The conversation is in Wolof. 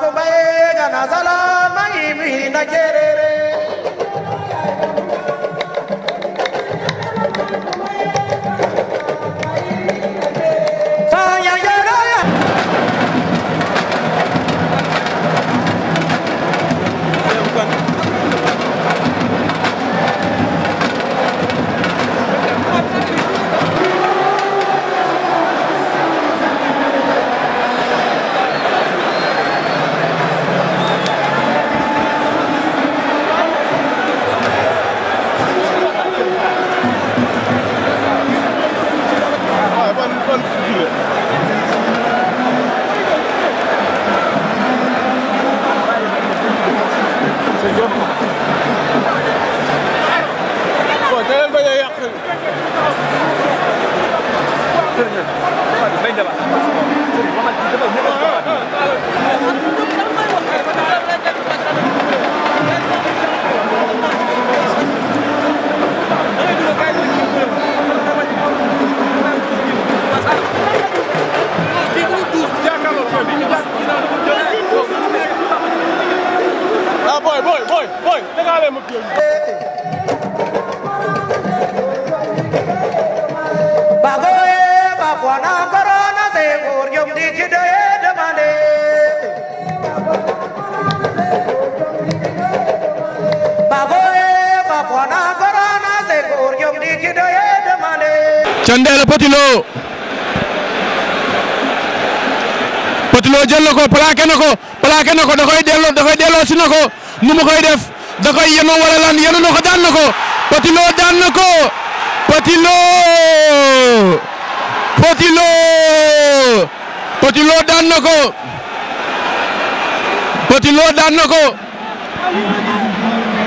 ko baye jana sala mai mi na jere Sëriñ Finale mo più. ba kwana corona se gorjom di chide demande. Bagoe ba kwana corona se gorjom di chide demande. Chandela ko plaqué na ko plaqué na ko si na ko nu mu koy def da koy yenu wala lan yenu na ko daan na ko Petit Lo daan na ko Petit Lo